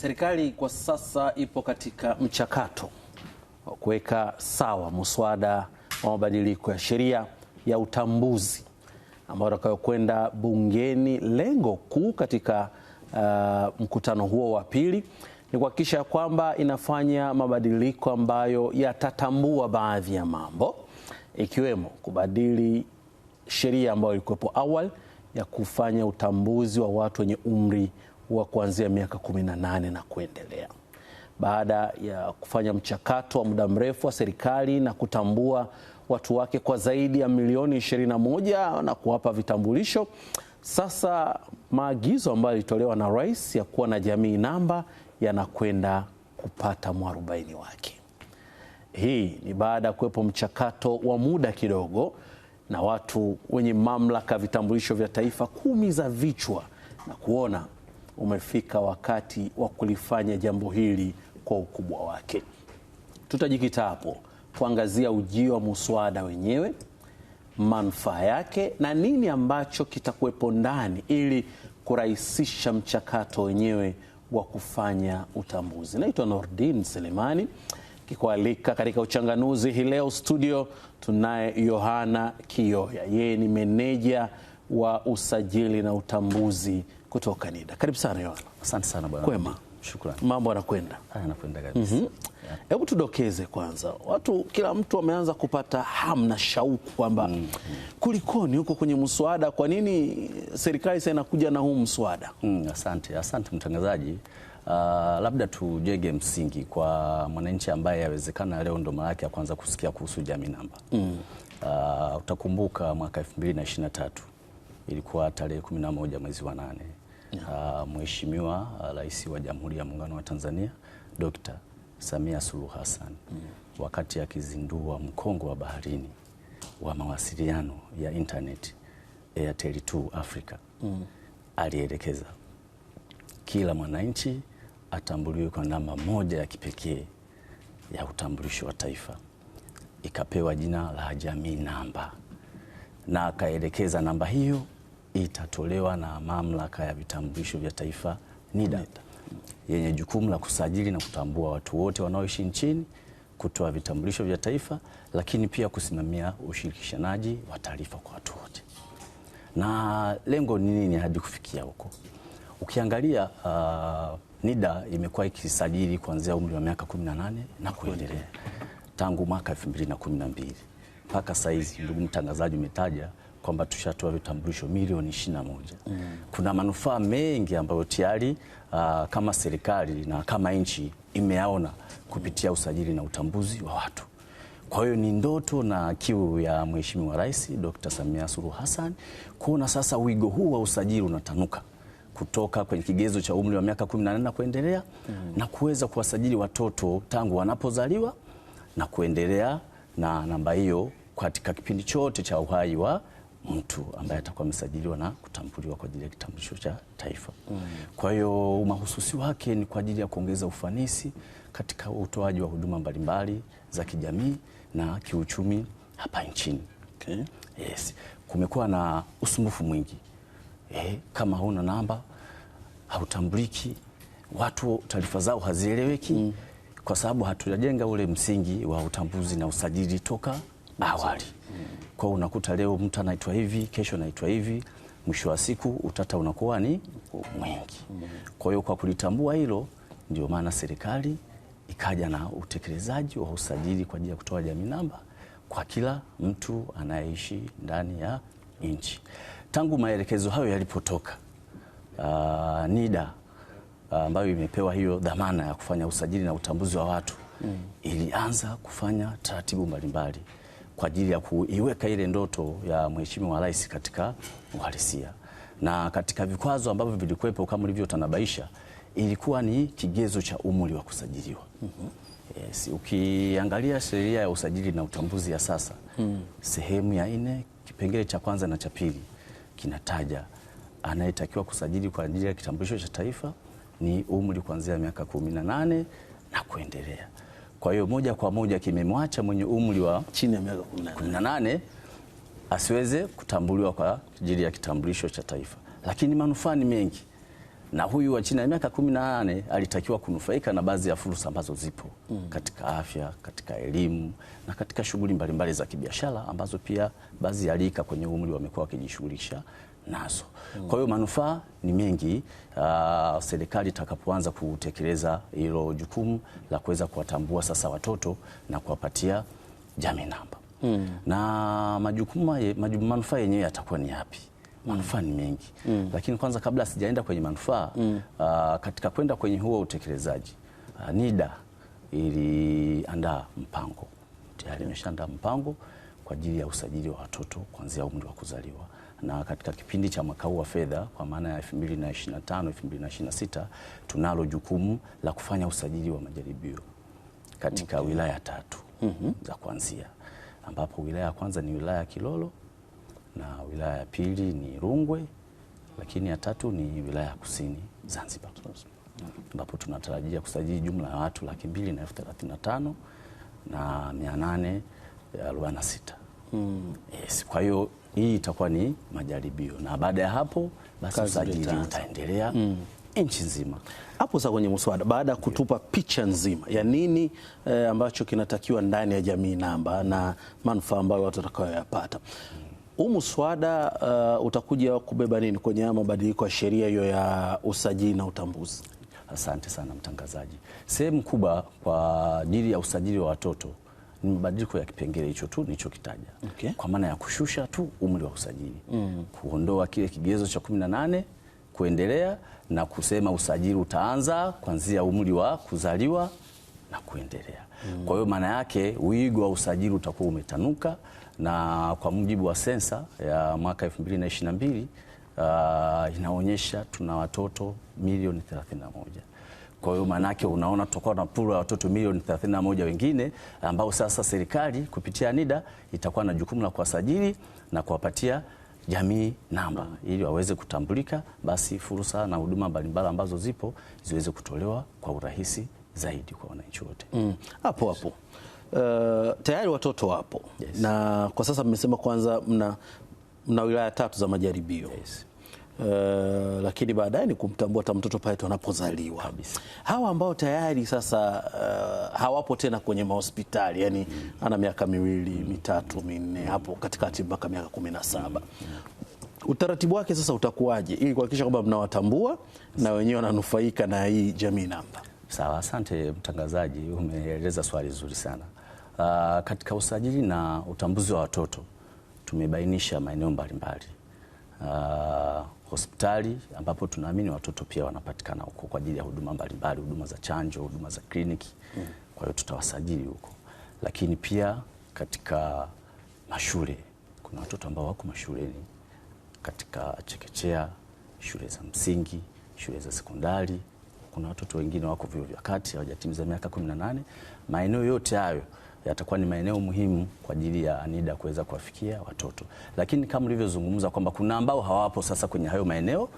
Serikali kwa sasa ipo katika mchakato wa kuweka sawa muswada wa mabadiliko ya sheria ya utambuzi ambao utakayokwenda bungeni. Lengo kuu katika uh, mkutano huo wa pili ni kuhakikisha kwamba inafanya mabadiliko ambayo yatatambua baadhi ya mambo ikiwemo kubadili sheria ambayo ilikuwepo awali ya kufanya utambuzi wa watu wenye umri huwa kuanzia miaka 18 na kuendelea. Baada ya kufanya mchakato wa muda mrefu wa serikali na kutambua watu wake kwa zaidi ya milioni 21 na kuwapa vitambulisho, sasa maagizo ambayo yalitolewa na rais ya kuwa na jamii namba yanakwenda kupata mwarobaini wake. Hii ni baada ya kuwepo mchakato wa muda kidogo na watu wenye mamlaka ya vitambulisho vya taifa kumi za vichwa na kuona umefika wakati wa kulifanya jambo hili kwa ukubwa wake. Tutajikita hapo kuangazia ujio wa muswada wenyewe, manufaa yake na nini ambacho kitakuwepo ndani ili kurahisisha mchakato wenyewe wa kufanya utambuzi. Naitwa Nordin Selemani kikualika katika uchanganuzi hii leo. Studio tunaye Yohana kioya yeye ni meneja wa usajili na utambuzi kutoka NIDA. Karibu sana Yohana. Asante sana bwana. Kwema. Shukrani. Mambo yanakwenda. Ah, yanakwenda kabisa. Mhm. Hebu mm -hmm. tudokeze kwanza, watu kila mtu ameanza kupata hamu na shauku kwamba mm -hmm. kulikoni huko kwenye mswada, kwa nini serikali sasa inakuja na huu mswada? Mm, asante, asante mtangazaji. Uh, labda tujenge msingi kwa mwananchi ambaye yawezekana leo ndo mara yake ya kwanza kusikia kuhusu jamii namba mm. Uh, utakumbuka mwaka 2023 ilikuwa tarehe 11 mwezi wa nane uh, Mheshimiwa ah, Rais wa Jamhuri ya Muungano wa Tanzania Dr. Samia Suluhu Hassan mm. wakati akizindua mkongo wa baharini wa mawasiliano ya internet Airtel 2 Africa mm. alielekeza kila mwananchi atambuliwe kwa namba moja ya kipekee ya utambulisho wa taifa ikapewa jina la jamii namba, na akaelekeza namba hiyo itatolewa na Mamlaka ya Vitambulisho vya Taifa NIDA yenye jukumu la kusajili na kutambua watu wote wanaoishi nchini, kutoa vitambulisho vya taifa, lakini pia kusimamia ushirikishanaji wa taarifa kwa watu wote. Na lengo ni nini hadi kufikia huko? Ukiangalia uh, NIDA imekuwa ikisajili kuanzia umri wa miaka 18 na kuendelea tangu mwaka 2012 mpaka saizi, ndugu mtangazaji umetaja kwamba tushatoa vitambulisho milioni ishirini na moja. Mm. Kuna manufaa mengi ambayo tayari uh, kama serikali na kama nchi imeyaona kupitia usajili na utambuzi wa watu. Kwa hiyo ni ndoto na kiu ya Mheshimiwa Rais Dr. Samia Suluhu Hassan kuona sasa wigo huu wa usajili unatanuka kutoka kwenye kigezo cha umri wa miaka 14 na kuendelea mm. na kuweza kuwasajili watoto tangu wanapozaliwa na kuendelea na namba hiyo katika kipindi chote cha uhai wa mtu ambaye atakuwa amesajiliwa na kutambuliwa kwa ajili ya kitambulisho cha taifa. Mm. Kwa hiyo mahususi wake ni kwa ajili ya kuongeza ufanisi katika utoaji wa huduma mbalimbali za kijamii na kiuchumi hapa nchini. Okay. Yes. Kumekuwa na usumbufu mwingi. Eh, kama huna namba hautambuliki, watu taarifa zao hazieleweki mm. kwa sababu hatujajenga ule msingi wa utambuzi na usajili toka awali mm. Kwa unakuta leo mtu anaitwa hivi, kesho anaitwa hivi, mwisho wa siku utata unakuwa ni mwingi. Kwa hiyo kwa kulitambua hilo, ndio maana serikali ikaja na utekelezaji wa usajili kwa ajili ya kutoa jamii namba kwa kila mtu anayeishi ndani ya nchi. Tangu maelekezo hayo yalipotoka, uh, NIDA ah, ambayo uh, imepewa hiyo dhamana ya kufanya usajili na utambuzi wa watu mm, ilianza kufanya taratibu mbalimbali kwa ajili ya kuiweka ile ndoto ya Mheshimiwa Rais katika uhalisia. Na katika vikwazo ambavyo vilikuwepo kama ulivyotanabaisha, ilikuwa ni kigezo cha umri wa kusajiliwa. mm -hmm. Yes, ukiangalia sheria ya usajili na utambuzi ya sasa mm. sehemu ya nne kipengele cha kwanza na cha pili kinataja anayetakiwa kusajili kwa ajili ya kitambulisho cha taifa ni umri kuanzia miaka kumi na nane na kuendelea. Kwa hiyo moja kwa moja kimemwacha mwenye umri wa chini ya miaka 18 asiweze kutambuliwa kwa ajili ya kitambulisho cha taifa, lakini manufaa ni mengi, na huyu wa chini ya miaka 18 alitakiwa kunufaika na baadhi ya fursa ambazo zipo mm. katika afya, katika elimu na katika shughuli mbalimbali za kibiashara ambazo pia baadhi ya rika kwenye umri wamekuwa wakijishughulisha nazo. Kwa hiyo manufaa ni mengi. Uh, serikali itakapoanza kutekeleza hilo jukumu la kuweza kuwatambua sasa watoto na kuwapatia jamii namba hmm. na majukumu ye, manufaa yenyewe yatakuwa ni yapi? Manufaa ni mengi hmm. Lakini kwanza kabla sijaenda kwenye manufaa hmm. uh, katika kwenda kwenye huo utekelezaji uh, NIDA iliandaa mpango tayari imeshaandaa mpango kwa ajili ya usajili wa watoto kuanzia umri wa kuzaliwa na katika kipindi cha mwaka huu wa fedha kwa maana ya 2025 2026 tunalo jukumu la kufanya usajili wa majaribio katika okay. wilaya tatu mm -hmm. za kuanzia ambapo wilaya ya kwanza ni wilaya ya Kilolo na wilaya ya pili ni Rungwe, lakini ya tatu ni wilaya ya Kusini Zanzibar ambapo tunatarajia kusajili jumla ya watu laki mbili na elfu thelathini na tano na mia nane arobaini na sita. Hmm. Yes, kwa hiyo hii itakuwa ni majaribio, na baada ya hapo basi usajili utaendelea mm. nchi nzima. Hapo sasa kwenye muswada, baada ya kutupa picha nzima ya nini e, ambacho kinatakiwa ndani ya jamii namba na manufaa ambayo watu watakayoyapata huu muswada uh, utakuja kubeba nini kwenye haya mabadiliko ya sheria hiyo ya usajili na utambuzi? Asante sana mtangazaji. Sehemu kubwa kwa ajili ya usajili wa watoto ni mabadiliko ya kipengele hicho tu nilichokitaja, okay. Kwa maana ya kushusha tu umri wa usajili mm. Kuondoa kile kigezo cha kumi na nane kuendelea na kusema usajili utaanza kuanzia umri wa kuzaliwa na kuendelea mm. Kwa hiyo maana yake wigo wa usajili utakuwa umetanuka, na kwa mujibu wa sensa ya mwaka 2022 uh, ah, inaonyesha tuna watoto milioni 31. Kwa hiyo maanake unaona tutakuwa na pula ya watoto milioni 31 wengine ambao sasa serikali kupitia NIDA itakuwa na jukumu la kuwasajili na kuwapatia jamii namba ili waweze kutambulika, basi fursa na huduma mbalimbali ambazo zipo ziweze kutolewa kwa urahisi zaidi kwa wananchi wote. Mm. Hapo hapo Uh, tayari watoto wapo. Yes. Na kwa sasa mmesema kwanza mna, mna wilaya tatu za majaribio. Yes. Eh, lakini baadaye ni kumtambua hata mtoto pale anapozaliwa. Hawa ambao tayari sasa uh, hawapo tena kwenye mahospitali, yani ana miaka miwili mitatu minne hapo katikati mpaka miaka kumi na saba utaratibu wake sasa utakuwaje ili kuhakikisha kwamba mnawatambua na wenyewe wananufaika na hii Jamii Namba? Sawa, asante mtangazaji, umeeleza swali zuri sana. Uh, katika usajili na utambuzi wa watoto tumebainisha maeneo mbalimbali uh, hospitali ambapo tunaamini watoto pia wanapatikana huko kwa ajili ya huduma mbalimbali, huduma za chanjo, huduma za kliniki mm. Kwa hiyo tutawasajili huko, lakini pia katika mashule kuna watoto ambao wako mashuleni katika chekechea, shule za msingi, shule za sekondari. Kuna watoto wengine wako vyuo vya kati hawajatimiza miaka 18. Maeneo yote hayo yatakuwa ni maeneo muhimu kwa ajili ya ANIDA kuweza kuwafikia watoto, lakini kama ulivyozungumza kwamba kuna ambao hawapo sasa kwenye hayo maeneo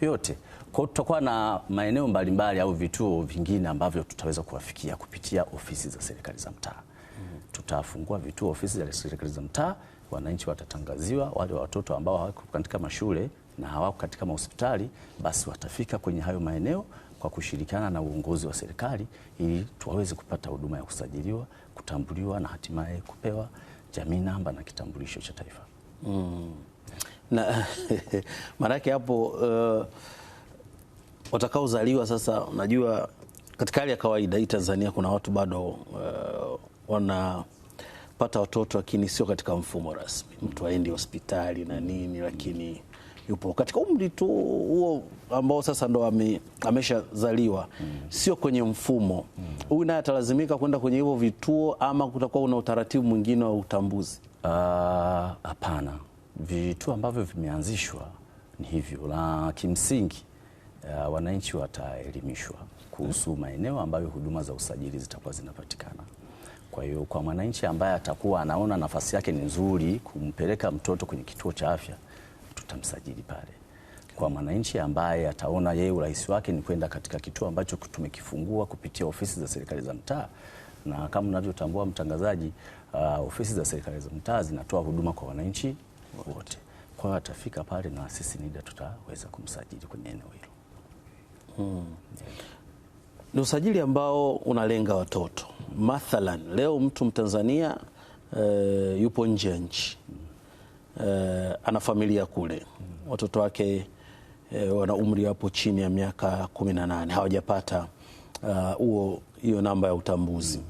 yote. Kwa tutakuwa na maeneo mbalimbali au vituo vingine ambavyo tutaweza kuwafikia kupitia ofisi za serikali za mtaa. Mm. Tutafungua vituo ofisi za serikali za mtaa, wananchi watatangaziwa, wale watoto ambao hawako katika mashule na hawako katika mahospitali basi watafika kwenye hayo maeneo kwa kushirikiana na uongozi wa serikali ili tuwaweze kupata huduma ya kusajiliwa kutambuliwa na hatimaye kupewa jamii namba na kitambulisho cha taifa mm. na maanake hapo uh, watakaozaliwa sasa, unajua katika hali ya kawaida hii Tanzania kuna watu bado uh, wanapata watoto lakini sio katika mfumo rasmi, mtu aendi hospitali na nini, lakini yupo katika umri tu huo ambao sasa ndo ameshazaliwa, mm. sio kwenye mfumo huyu mm. naye atalazimika kwenda kwenye hivyo vituo, ama kutakuwa una utaratibu mwingine wa utambuzi? Ah, hapana, uh, vituo ambavyo vimeanzishwa ni hivyo, na kimsingi uh, wananchi wataelimishwa kuhusu maeneo ambayo huduma za usajili zitakuwa zinapatikana. Kwa hiyo kwa mwananchi ambaye atakuwa anaona nafasi yake ni nzuri kumpeleka mtoto kwenye kituo cha afya tutamsajili pale kwa mwananchi ambaye ataona yeye urahisi wake ni kwenda katika kituo ambacho tumekifungua kupitia ofisi za serikali za mtaa, na kama unavyotambua mtangazaji, uh, ofisi za serikali za mtaa zinatoa huduma kwa wananchi wote. Kwa hiyo atafika pale na sisi NIDA tutaweza kumsajili kwenye eneo hilo. Hmm. Ni usajili ambao unalenga watoto. Hmm. Mathalan, leo mtu Mtanzania uh, yupo nje ya nchi. Hmm eh, ana familia kule, watoto wake eh, wana umri hapo chini ya miaka kumi na nane hawajapata eh, huo hiyo namba ya utambuzi mm.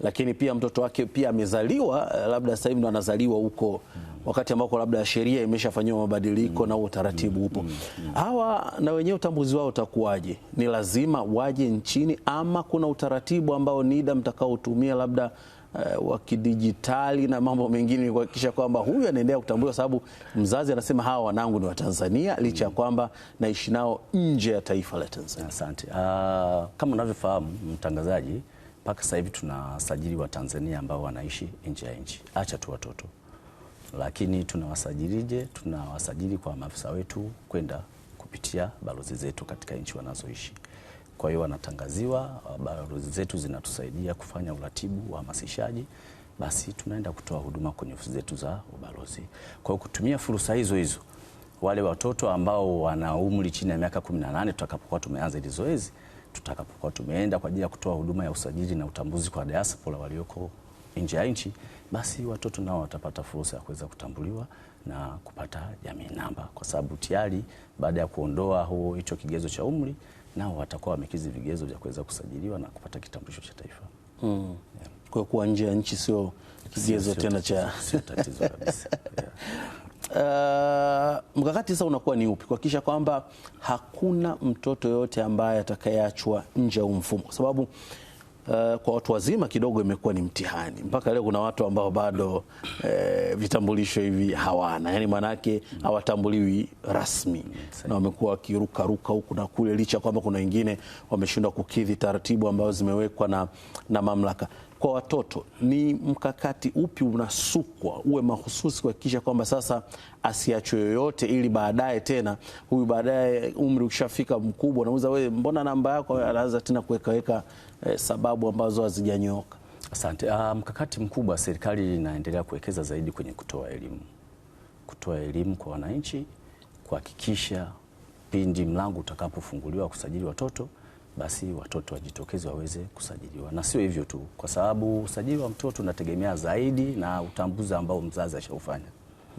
Lakini pia mtoto wake pia amezaliwa eh, labda sasa hivi ndo anazaliwa huko mm. wakati ambako labda sheria imeshafanyiwa mabadiliko mm. na huo utaratibu mm, upo mm, mm. Mm. hawa na wenyewe utambuzi wao utakuwaje? Ni lazima waje nchini ama kuna utaratibu ambao NIDA mtakaotumia labda uh, wa kidijitali na mambo mengine, ni kuhakikisha kwamba huyu anaendelea kutambuliwa, sababu mzazi anasema hawa wanangu ni Watanzania licha ya kwamba naishi nao nje ya taifa la Tanzania. Asante. Uh, kama unavyofahamu mtangazaji, mpaka sasa hivi tunasajili Watanzania ambao wanaishi nje ya nchi, acha tu watoto lakini tunawasajilije? Tunawasajili kwa maafisa wetu kwenda kupitia balozi zetu katika nchi wanazoishi. Kwa hiyo wanatangaziwa, balozi zetu zinatusaidia kufanya uratibu, uhamasishaji, basi tunaenda kutoa huduma kwenye ofisi zetu za ubalozi. Kwa hiyo kutumia fursa hizo hizo wale watoto ambao wana umri chini ya miaka 18 tutakapokuwa tumeanza hili zoezi, tutakapokuwa tumeenda kwa ajili ya kutoa huduma ya usajili na utambuzi kwa diaspora walioko nje ya nchi, basi watoto nao watapata fursa ya kuweza kutambuliwa na kupata jamii namba, kwa sababu tayari baada ya kuondoa huo hicho kigezo cha umri nao watakuwa wamekizi vigezo vya kuweza kusajiliwa na kupata kitambulisho cha taifa mm. yeah. Kwa kuwa nje ya nchi sio kigezo tena cha sio tatizo kabisa yeah. Uh, mkakati sasa unakuwa ni upi kuhakikisha kwamba hakuna mtoto yoyote ambaye atakayeachwa nje ya mfumo kwa sababu uh, kwa watu wazima kidogo imekuwa ni mtihani. Mpaka leo kuna watu ambao bado eh, vitambulisho hivi hawana, yani maanake hawatambuliwi rasmi na wamekuwa wakirukaruka huku na kule, licha kwamba kuna wengine wameshindwa kukidhi taratibu ambazo zimewekwa na, na mamlaka kwa watoto ni mkakati upi unasukwa uwe mahususi kuhakikisha kwamba sasa asiachwe yoyote, ili baadaye tena huyu baadaye umri ukishafika mkubwa, nauza wewe, mbona namba yako, anaanza tena kuwekaweka eh, sababu ambazo hazijanyooka. Asante. Uh, mkakati mkubwa serikali inaendelea kuwekeza zaidi kwenye kutoa elimu, kutoa elimu kwa wananchi, kuhakikisha pindi mlango utakapofunguliwa kusajili watoto basi watoto wajitokeze waweze kusajiliwa, na sio hivyo tu, kwa sababu usajili wa mtoto unategemea zaidi na utambuzi ambao mzazi ashaufanya.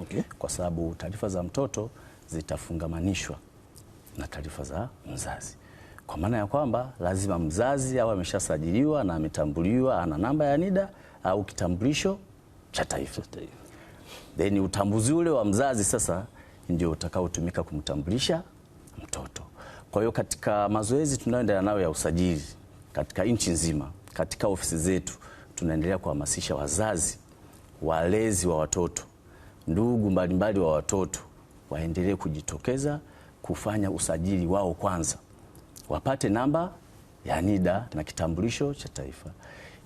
Okay. Kwa sababu taarifa za mtoto zitafungamanishwa na taarifa za mzazi kwa maana ya kwamba lazima mzazi au ameshasajiliwa na ametambuliwa, ana namba ya NIDA au kitambulisho cha taifa. Then utambuzi ule wa mzazi sasa ndio utakaotumika kumtambulisha mtoto. Kwa hiyo katika mazoezi tunayoendelea nayo ya usajili katika nchi nzima, katika ofisi zetu tunaendelea kuhamasisha wazazi, walezi wa watoto, ndugu mbalimbali wa watoto waendelee kujitokeza kufanya usajili wao kwanza wapate namba ya NIDA na kitambulisho cha taifa,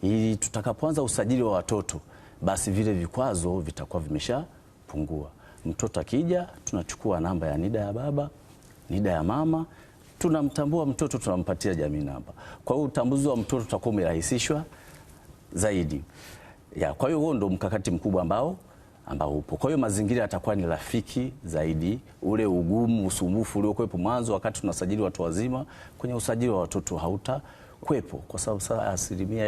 ili tutakapoanza usajili wa watoto basi vile vikwazo vitakuwa vimeshapungua. Mtoto akija, tunachukua namba ya NIDA ya baba, NIDA ya mama, tunamtambua mtoto, tunampatia jamii namba. Kwa hiyo utambuzi wa mtoto utakuwa umerahisishwa zaidi ya. Kwa hiyo huo ndo mkakati mkubwa ambao ambao upo. Kwa hiyo mazingira yatakuwa ni rafiki zaidi, ule ugumu, usumbufu uliokuwepo mwanzo wakati tunasajili watu wazima kwenye usajili wa watoto hauta kwepo kwa sababu sasa asilimia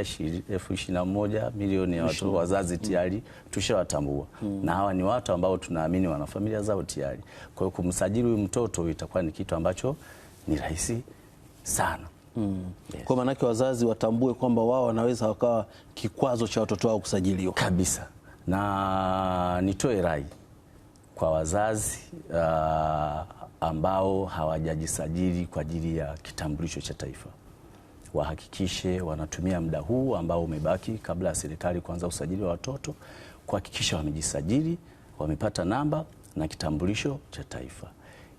elfu ishirini na moja milioni ya watu wazazi mm. tayari tushawatambua mm. na hawa ni watu ambao tunaamini wana familia zao tayari. Kwa hiyo kumsajili huyu mtoto itakuwa ni kitu ambacho ni rahisi sana mm. yes. Kwa maanake wazazi watambue kwamba wao wanaweza wakawa kikwazo cha watoto wao kusajiliwa kabisa na nitoe rai kwa wazazi uh, ambao hawajajisajili kwa ajili ya kitambulisho cha taifa wahakikishe wanatumia muda huu ambao umebaki kabla ya serikali kuanza usajili wa watoto kuhakikisha wamejisajili, wamepata namba na kitambulisho cha taifa,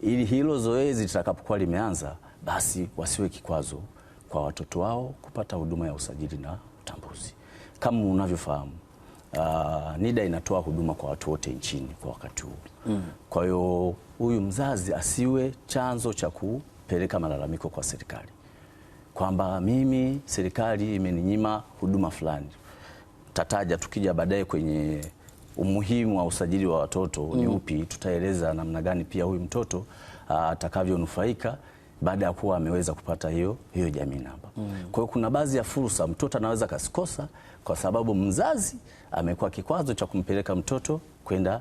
ili hilo zoezi litakapokuwa limeanza, basi wasiwe kikwazo kwa watoto wao kupata huduma ya usajili na utambuzi. Kama unavyofahamu uh, NIDA inatoa huduma kwa watu wote nchini kwa wakati huu mm. Kwa hiyo huyu mzazi asiwe chanzo cha kupeleka malalamiko kwa serikali kwamba mimi serikali imeninyima huduma fulani. Tataja tukija baadaye kwenye umuhimu wa usajili wa watoto mm. ni upi, tutaeleza namna gani pia huyu mtoto ah, atakavyonufaika uh, baada ya kuwa ameweza kupata hiyo hiyo jamii namba mm. Kwa hiyo kuna baadhi ya fursa mtoto anaweza kasikosa, kwa sababu mzazi amekuwa kikwazo cha kumpeleka mtoto kwenda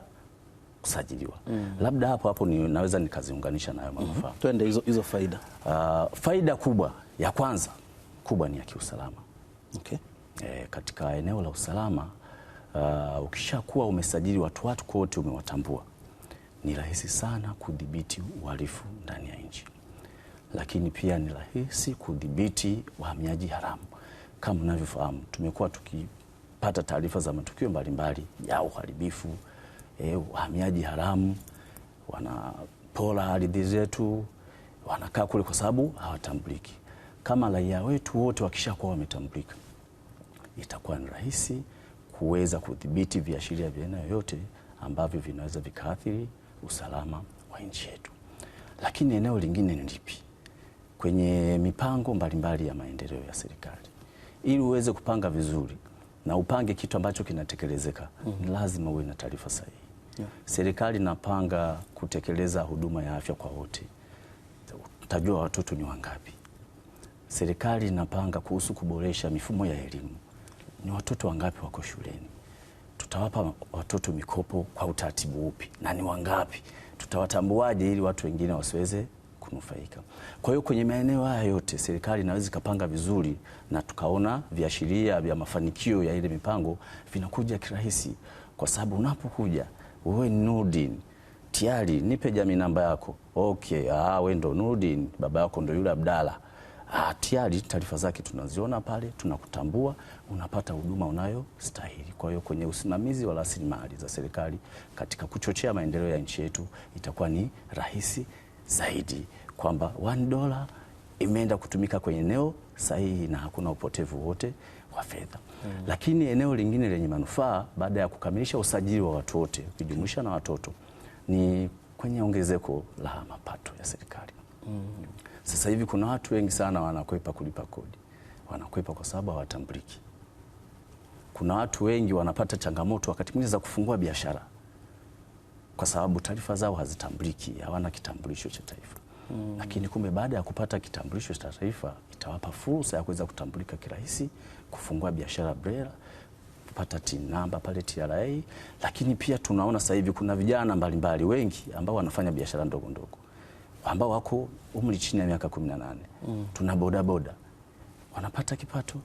kusajiliwa. Mm. Labda hapo hapo ni, naweza nikaziunganisha nayo mama mhm. Mm -hmm. Twende hizo, hizo faida. Uh, faida kubwa ya kwanza kubwa ni ya kiusalama. Okay. E, katika eneo la usalama uh, ukishakuwa umesajili watu watu wote umewatambua, ni rahisi sana kudhibiti uhalifu ndani ya nchi, lakini pia ni rahisi kudhibiti wahamiaji haramu kama mnavyofahamu, tumekuwa tukipata taarifa za matukio mbalimbali mbali ya uharibifu, wahamiaji eh, haramu wanapora ardhi zetu, wanakaa kule kwa sababu hawatambuliki. Kama raia wetu wote wakishakuwa wametambulika, itakuwa ni rahisi kuweza kudhibiti viashiria vya aina yoyote ambavyo vinaweza vikaathiri usalama wa nchi yetu. Lakini eneo lingine ni lipi? Kwenye mipango mbalimbali mbali ya maendeleo ya serikali ili uweze kupanga vizuri na upange kitu ambacho kinatekelezeka mm -hmm. lazima uwe na taarifa sahihi yeah. Serikali inapanga kutekeleza huduma ya afya kwa wote, utajua watoto ni wangapi. Serikali inapanga kuhusu kuboresha mifumo ya elimu, ni watoto wangapi wako shuleni, tutawapa watoto mikopo kwa utaratibu upi na ni wangapi, tutawatambuaje ili watu wengine wasiweze kunufaika. Kwa hiyo kwenye maeneo haya yote serikali inaweza ikapanga vizuri na tukaona viashiria vya mafanikio ya ile mipango vinakuja kirahisi, kwa sababu unapokuja wewe Nurdin tayari, nipe jamii namba yako. Okay, ah, wewe ndo Nurdin, baba yako ndo yule Abdalla. Ah, tayari taarifa zake tunaziona pale, tunakutambua, unapata huduma unayostahili. Kwa hiyo kwenye usimamizi wa rasilimali za serikali katika kuchochea maendeleo ya nchi yetu itakuwa ni rahisi zaidi kwamba one dola imeenda kutumika kwenye eneo sahihi na hakuna upotevu wote wa fedha. Mm. Lakini eneo lingine lenye manufaa baada ya kukamilisha usajili wa watu wote ukijumuisha na watoto ni kwenye ongezeko la mapato ya serikali. Mm. Sasa hivi kuna watu wengi sana wanakwepa kulipa kodi, wanakwepa kwa sababu hawatambuliki. Kuna watu wengi wanapata changamoto wakati mwingine za kufungua biashara kwa sababu taarifa zao hazitambuliki, hawana kitambulisho cha taifa mm. Lakini kumbe baada ya kupata kitambulisho cha taifa itawapa fursa ya kuweza kutambulika kirahisi, kufungua biashara BRELA, kupata TIN namba pale TRA. Lakini pia tunaona sasa hivi kuna vijana mbalimbali mbali wengi ambao wanafanya biashara ndogo ndogo ambao wako umri chini ya miaka 18 mm. Tuna bodaboda wanapata kipato,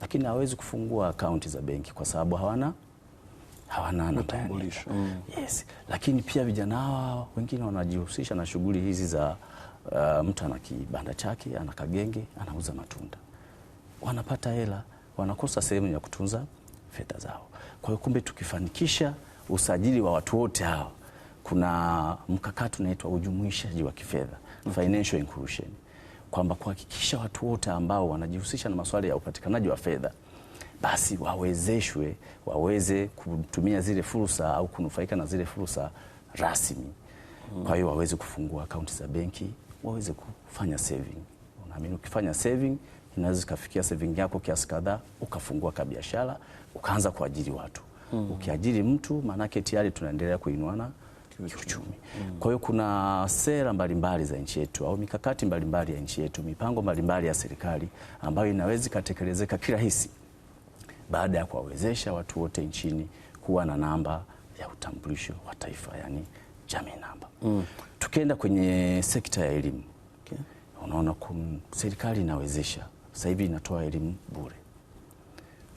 lakini hawezi kufungua akaunti za benki kwa sababu hawana hawana utambulisho mm. Yes, lakini pia vijana hawa wengine wanajihusisha na shughuli hizi za uh, mtu ana kibanda chake ana kagenge anauza matunda, wanapata hela, wanakosa sehemu ya kutunza fedha zao. Kwa hiyo kumbe, tukifanikisha usajili wa watu wote hawa, kuna mkakati unaitwa ujumuishaji wa kifedha okay. financial inclusion, kwamba kuhakikisha watu wote ambao wanajihusisha na masuala ya upatikanaji wa fedha basi wawezeshwe waweze kutumia zile fursa au kunufaika na zile fursa rasmi. Mm. Kwa hiyo waweze kufungua akaunti za benki, waweze kufanya saving. Unaamini, ukifanya saving inaweza ikafikia saving yako kiasi kadhaa, ukafungua ka biashara, ukaanza kuajiri watu mm. Ukiajiri mtu maanake tayari tunaendelea kuinuana kiuchumi. Mm. Kwa hiyo kuna sera mbalimbali za nchi yetu au mikakati mbalimbali ya nchi yetu, mipango mbalimbali ya serikali ambayo inaweza ikatekelezeka kirahisi baada ya kuwawezesha watu wote nchini kuwa na namba ya utambulisho wa taifa, yani jamii namba. Mm. Tukienda kwenye sekta ya elimu okay. Unaona kum, serikali inawezesha sasa hivi inatoa elimu bure,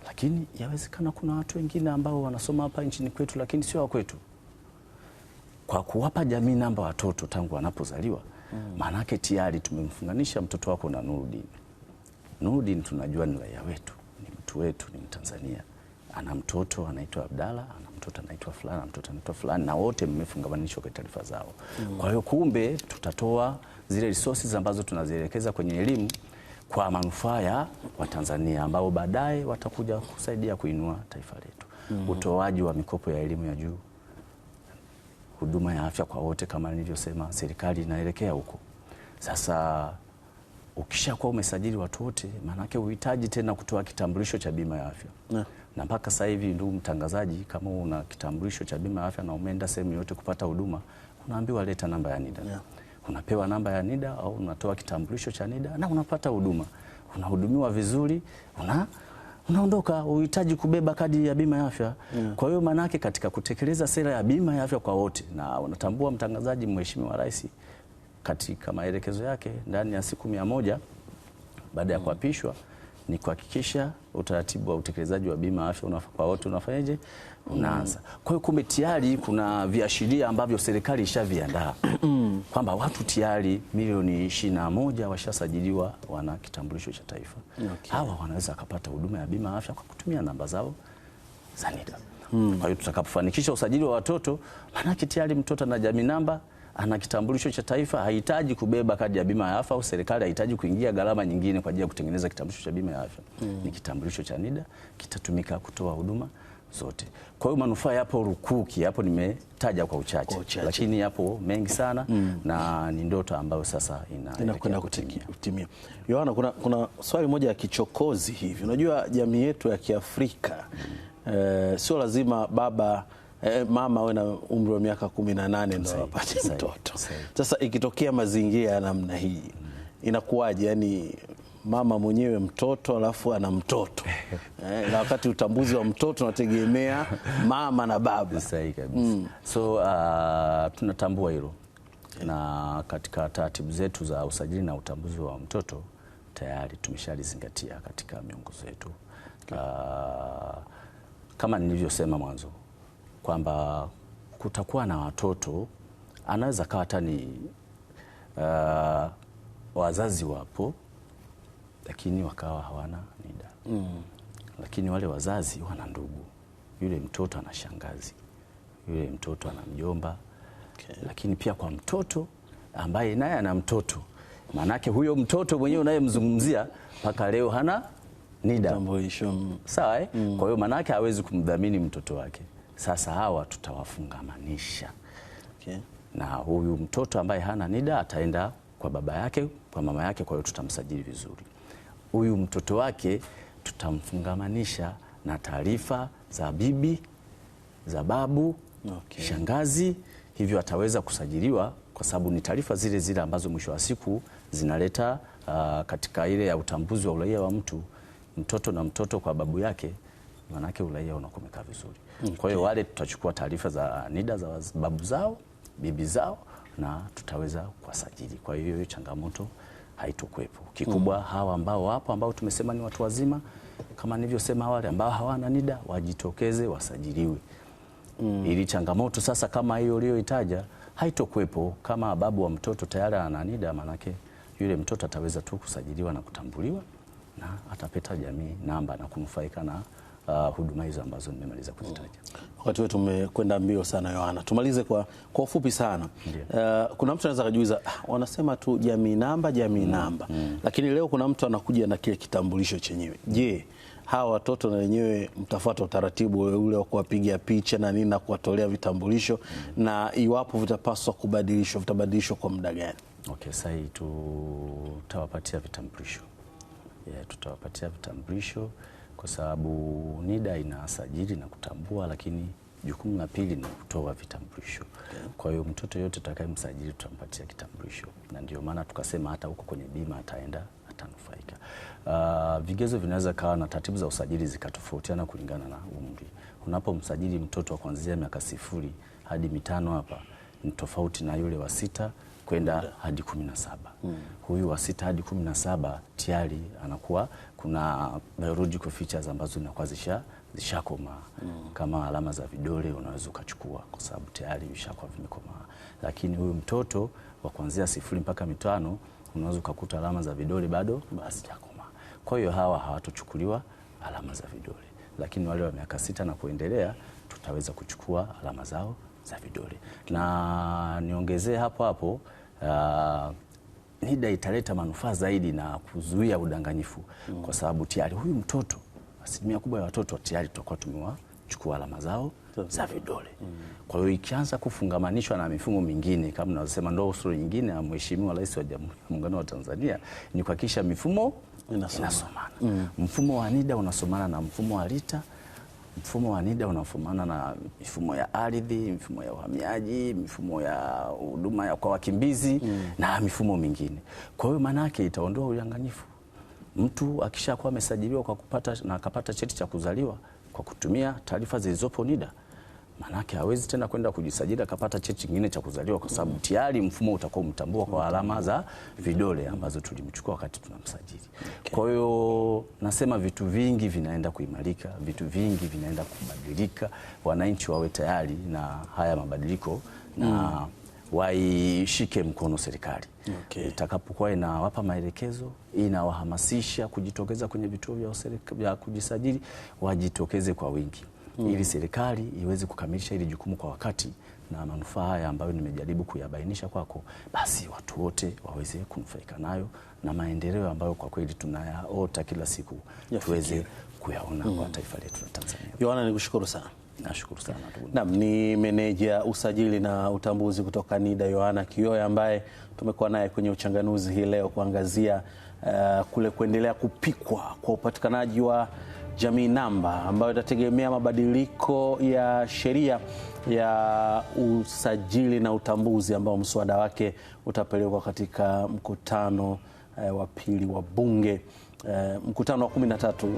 lakini yawezekana kuna watu wengine ambao wanasoma hapa nchini kwetu, lakini sio wa kwetu. Kwa kuwapa jamii namba watoto tangu wanapozaliwa mm. maanake tayari tumemfunganisha mtoto wako na Nurudini. Nurudini tunajua ni raia wetu mtu wetu ni Mtanzania, ana mtoto anaitwa Abdalla, ana mtoto anaitwa fulani, ana mtoto anaitwa fulani, na wote mmefungamanishwa kwa taarifa zao mm. Kwa hiyo kumbe tutatoa zile resources ambazo tunazielekeza kwenye elimu kwa manufaa ya Watanzania ambao baadaye watakuja kusaidia kuinua taifa letu mm. Utoaji wa mikopo ya elimu ya juu, huduma ya afya kwa wote, kama nilivyosema, serikali inaelekea huko sasa ukisha kuwa umesajili watu wote, maanake uhitaji tena kutoa kitambulisho cha bima ya afya yeah. Na mpaka sasa hivi, ndugu mtangazaji, kama una kitambulisho cha bima ya afya na umeenda sehemu yote kupata huduma, unaambiwa leta namba ya NIDA yeah. Unapewa namba ya NIDA au unatoa kitambulisho cha NIDA na unapata huduma, unahudumiwa vizuri, una unaondoka uhitaji kubeba kadi ya bima ya afya yeah. Kwa hiyo maanake katika kutekeleza sera ya bima ya afya kwa wote, na unatambua mtangazaji, Mheshimiwa Rais katika maelekezo yake ndani ya siku mia moja baada ya mm. kuapishwa ni kuhakikisha utaratibu wa utekelezaji wa bima afya kwa wote unafanyaje, unaanza. Mm. Kwa hiyo kumbe tayari kuna viashiria ambavyo serikali ishaviandaa mm. kwamba watu tayari milioni ishirini na moja washasajiliwa wana kitambulisho cha taifa. Okay. Hawa wanaweza wakapata huduma ya bima afya kwa kutumia namba zao za NIDA. Kwa hiyo tutakapofanikisha usajili wa watoto, maanake tayari mtoto ana jamii namba ana kitambulisho cha taifa, hahitaji kubeba kadi ya bima ya afya au serikali hahitaji kuingia gharama nyingine kwa ajili ya kutengeneza kitambulisho cha bima ya afya mm. Ni kitambulisho cha NIDA kitatumika kutoa huduma zote. Kwa hiyo manufaa yapo rukuki, hapo nimetaja kwa uchache, lakini yapo mengi sana mm. na ni ndoto ambayo sasa inakwenda kutimia. Yohana, kuna, kuna swali moja ya kichokozi hivi, unajua jamii yetu ya Kiafrika mm. eh, sio lazima baba eh, mama awe na umri wa miaka kumi na nane ndo apate mtoto. Sasa ikitokea mazingira ya namna hii inakuwaje? Yani mama mwenyewe mtoto alafu ana mtoto eh, na wakati utambuzi wa mtoto unategemea mama na baba. Sahihi kabisa. Mm. So uh, tunatambua hilo na katika taratibu zetu za usajili na utambuzi wa mtoto tayari tumeshalizingatia katika miongozo yetu. Okay. Uh, kama nilivyosema mwanzo kwamba kutakuwa na watoto anaweza kawa hata ni uh, wazazi wapo lakini wakawa hawana NIDA mm. Lakini wale wazazi wana ndugu, yule mtoto ana shangazi, yule mtoto ana mjomba okay. Lakini pia kwa mtoto ambaye naye ana mtoto, maanake huyo mtoto mwenyewe unayemzungumzia mpaka leo hana NIDA, mm. sawa eh? mm. Kwa hiyo maanake hawezi kumdhamini mtoto wake. Sasa hawa tutawafungamanisha okay. Na huyu mtoto ambaye hana NIDA ataenda kwa baba yake, kwa mama yake, kwa hiyo tutamsajili vizuri. Huyu mtoto wake tutamfungamanisha na taarifa za bibi, za babu, okay. shangazi, hivyo ataweza kusajiliwa kwa sababu ni taarifa zile zile ambazo mwisho wa siku zinaleta uh, katika ile ya utambuzi wa uraia wa mtu, mtoto na mtoto kwa babu yake manake uraia unakomeka vizuri. Okay. Mm, Kwa hiyo wale tutachukua taarifa za ah, NIDA za babu zao, bibi zao na tutaweza kuwasajili. Kwa hiyo hiyo changamoto haitokuwepo. Kikubwa mm. hawa ambao wapo ambao tumesema ni watu wazima kama nilivyosema wale ambao hawana NIDA wajitokeze wasajiliwe. Mm. Ili changamoto sasa kama hiyo uliyoitaja haitokuwepo kama babu wa mtoto tayari ana NIDA, manake yule mtoto ataweza tu kusajiliwa na kutambuliwa na atapeta jamii namba na kunufaika na uh, huduma hizo ambazo nimemaliza kuzitaja. Wakati wetu umekwenda mbio sana Yohana, tumalize kwa, kwa ufupi sana uh, kuna mtu anaweza akajiuliza ah, wanasema tu jamii namba jamii mm. namba mm. lakini leo kuna mtu anakuja na kile kitambulisho chenyewe. Je, hawa watoto na wenyewe mtafuata utaratibu ule wa kuwapiga picha na nini na kuwatolea vitambulisho mm. na iwapo vitapaswa kubadilishwa vitabadilishwa kwa muda gani? Okay, sasa tutawapatia vitambulisho yeah, tutawapatia vitambulisho kwa sababu NIDA inasajili na kutambua, lakini jukumu la pili ni kutoa vitambulisho. Kwa hiyo mtoto yote atakayemsajili tutampatia kitambulisho, na ndio maana tukasema hata huko kwenye bima ataenda atanufaika. Uh, vigezo vinaweza kawa na taratibu za usajili zikatofautiana kulingana na umri. Unapomsajili mtoto wa kuanzia miaka sifuri hadi mitano hapa ni tofauti na yule wa sita kwenda hadi kumi na saba mm. Huyu wa sita hadi kumi na saba tayari anakuwa kuna biological features ambazo zinakuwa zisha zishakoma mm. Kama alama za vidole unaweza ukachukua kwa sababu tayari vishakuwa vimekomaa, lakini huyu mtoto wa kuanzia sifuri mpaka mitano unaweza ukakuta alama za vidole bado hazijakoma. Kwa hiyo hawa hawatochukuliwa alama za vidole, lakini wale wa miaka sita na kuendelea tutaweza kuchukua alama zao za vidole, na niongezee hapo hapo uh, NIDA italeta manufaa zaidi na kuzuia udanganyifu mm. kwa sababu tayari huyu mtoto, asilimia kubwa ya watoto tayari tutakuwa tumewachukua alama zao za vidole mm. Kwa hiyo ikianza kufungamanishwa na mifumo mingine kama navyosema, ndo usuru nyingine ya Mheshimiwa Rais wa Jamhuri ya Muungano wa Tanzania ni kuhakikisha mifumo inasomana, inasomana. Mm. Mfumo wa NIDA unasomana na mfumo wa RITA mfumo wa NIDA unafumana na mifumo ya ardhi, mifumo ya uhamiaji, mifumo ya huduma kwa wakimbizi mm. na mifumo mingine. Kwa hiyo maana yake itaondoa uyanganyifu Mtu akishakuwa amesajiliwa kwa kupata na akapata cheti cha kuzaliwa kwa kutumia taarifa zilizopo NIDA Manake hawezi tena kwenda kujisajili akapata cheti kingine cha kuzaliwa kwa sababu tayari mfumo utakuwa mtambua kwa alama za vidole ambazo tulimchukua wakati tunamsajili. Kwa hiyo nasema vitu vingi vinaenda kuimarika, vitu vingi vinaenda kubadilika, wananchi wawe tayari na haya mabadiliko na mm. waishike mkono serikali okay. Itakapokuwa inawapa maelekezo, inawahamasisha kujitokeza kwenye vituo vya, vya kujisajili, wajitokeze kwa wingi mm. ili serikali iweze kukamilisha ili jukumu kwa wakati na manufaa haya ambayo nimejaribu kuyabainisha kwako, basi watu wote waweze kunufaika nayo na maendeleo ambayo kwa kweli tunayaota kila siku ya tuweze kuyaona mm. kwa taifa letu la Tanzania. Yohana, nikushukuru sana. Nashukuru sana ndugu. Naam, ni meneja usajili na utambuzi kutoka NIDA Yohana Kioya ambaye tumekuwa naye kwenye uchanganuzi hii leo kuangazia uh, kule kuendelea kupikwa kwa upatikanaji wa jamii namba ambayo itategemea mabadiliko ya sheria ya usajili na utambuzi ambao mswada wake utapelekwa katika mkutano eh, wa pili wa bunge eh, mkutano wa 13 uh,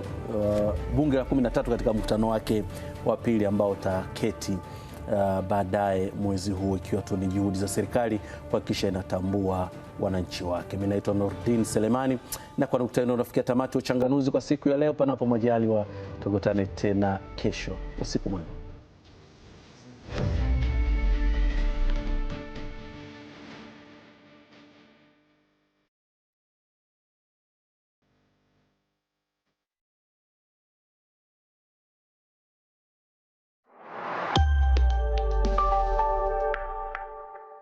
eh, bunge la 13 katika mkutano wake wa pili ambao utaketi uh, baadaye mwezi huu, ikiwa tu ni juhudi za serikali kuhakikisha inatambua wananchi wake. Mimi naitwa Nurdin Selemani, na kwa nukta hino unafikia tamati ya uchanganuzi kwa siku ya leo. Panapo majaliwa, tukutane tena kesho. Usiku mwema.